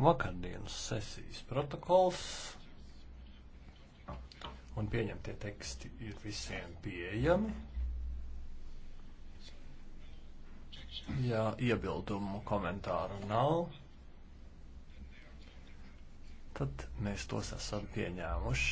vakardienas sesijas protokols un pieņemtie teksti ir visiem pieejami. Ja iebildumu komentāru nav, tad mēs tos esam pieņēmuši.